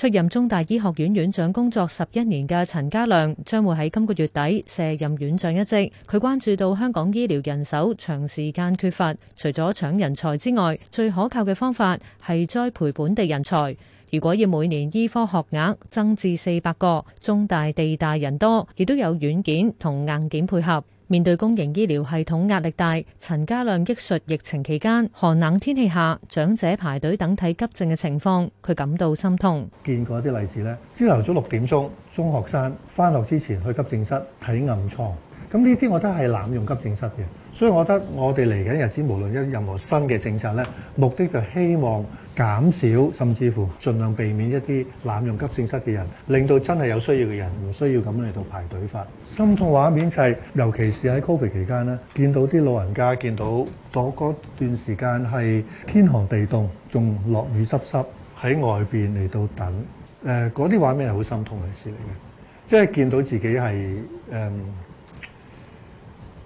出任中大醫學院院長工作十一年嘅陳家亮，將會喺今個月底卸任院長一職。佢關注到香港醫療人手長時間缺乏，除咗搶人才之外，最可靠嘅方法係栽培本地人才。如果要每年醫科學額增至四百個，中大地大人多，亦都有軟件同硬件配合。面對公營醫療系統壓力大，陳家亮憶述疫情期間寒冷天氣下長者排隊等睇急症嘅情況，佢感到心痛。見過一啲例子呢，朝頭早六點鐘，中學生返學之前去急症室睇暗瘡。咁呢啲我都係濫用急症室嘅，所以我覺得我哋嚟緊日子，無論一任何新嘅政策咧，目的就希望減少，甚至乎盡量避免一啲濫用急症室嘅人，令到真係有需要嘅人唔需要咁嚟到排隊。發心痛畫面就係，尤其是喺 Covid 期間咧，見到啲老人家見到嗰嗰段時間係天寒地凍，仲落雨濕濕喺外邊嚟到等。誒，嗰啲畫面係好心痛嘅事嚟嘅，即係見到自己係誒。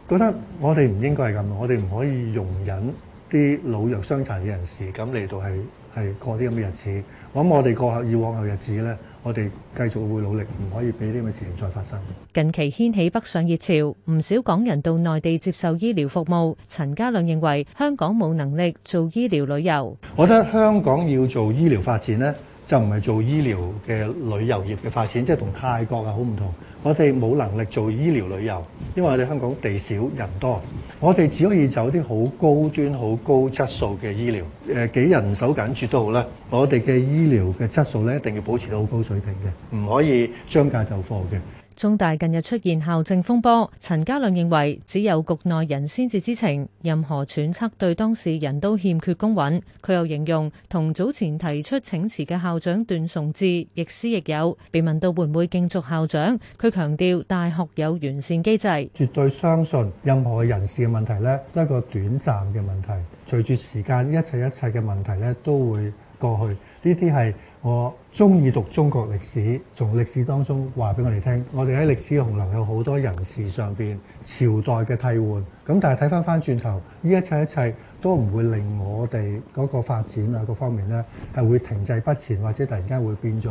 覺得我哋唔應該係咁，我哋唔可以容忍啲老弱傷殘嘅人士咁嚟到係係過啲咁嘅日子。我諗我哋過後以往後日子咧，我哋繼續會努力，唔可以俾呢個事情再發生。近期掀起北上熱潮，唔少港人到內地接受醫療服務。陳家亮認為香港冇能力做醫療旅遊。我覺得香港要做醫療發展呢，就唔係做醫療嘅旅遊業嘅發展，即係同泰國啊好唔同。我哋冇能力做醫療旅遊，因為我哋香港地少人多，我哋只可以走啲好高端、好高質素嘅醫療。誒，幾人手緊絀都好啦。我哋嘅醫療嘅質素咧，一定要保持到好高水平嘅，唔可以將價就貨嘅。中大近日出現校政風波，陳家亮認為只有局內人先至知情，任何揣測對當事人都欠缺公允。佢又形容同早前提出請辭嘅校長段崇智亦師亦友。被問到會唔會競逐校長，佢強調大學有完善機制，絕對相信任何人事嘅問題咧都係一個短暫嘅問題，隨住時間一切一切嘅問題咧都會過去。呢啲係。我中意讀中國歷史，從歷史當中話俾我哋聽。我哋喺歷史嘅洪流有好多人事上邊朝代嘅替換，咁但係睇翻翻轉頭，呢一切一切都唔會令我哋嗰個發展啊各方面呢係會停滯不前，或者突然間會變咗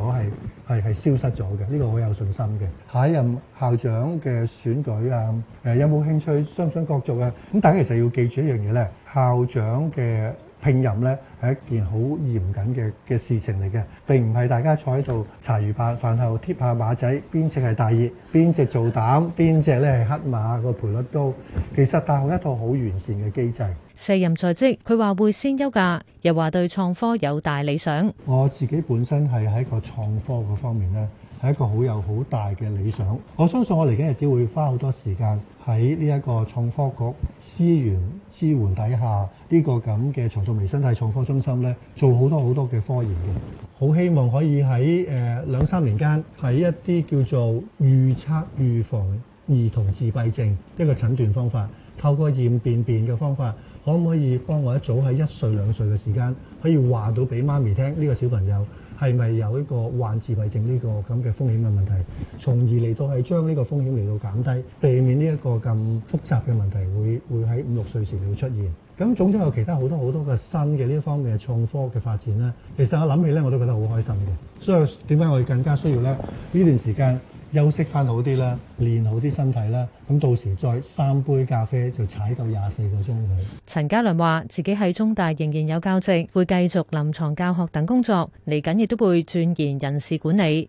係係消失咗嘅。呢、這個我有信心嘅。下一任校長嘅選舉啊，誒、哎、有冇興趣？想唔想角逐啊？咁大家其實要記住一樣嘢呢：校長嘅聘任呢。係一件好嚴謹嘅嘅事情嚟嘅，並唔係大家坐喺度茶餘飯飯後貼下馬仔，邊隻係大熱，邊隻做膽，邊隻咧係黑馬，個賠率都，其實大學有一套好完善嘅機制。卸任在職，佢話會先休假，又話對創科有大理想。我自己本身係喺個創科嗰方面呢係一個好有好大嘅理想。我相信我嚟緊日子會花好多時間喺呢一個創科局資源支援底下，呢、這個咁嘅重度微生態創科中心咧做好多好多嘅科研嘅，好希望可以喺誒兩三年間喺一啲叫做預測預防兒童自閉症一個診斷方法，透過驗便便嘅方法，可唔可以幫我一早喺一歲兩歲嘅時間可以話到俾媽咪聽呢個小朋友，係咪有一個患自閉症呢個咁嘅風險嘅問題，從而嚟到係將呢個風險嚟到減低，避免呢一個咁複雜嘅問題會會喺五六歲時會出現。咁總之有其他好多好多嘅新嘅呢方面嘅創科嘅發展咧，其實我諗起咧我都覺得好開心嘅。所以點解我哋更加需要咧呢段時間？休息翻好啲啦，練好啲身體啦，咁到時再三杯咖啡就踩夠廿四個鐘佢。陳家亮話：自己喺中大仍然有教職，會繼續臨床教學等工作，嚟緊亦都會鑽研人事管理。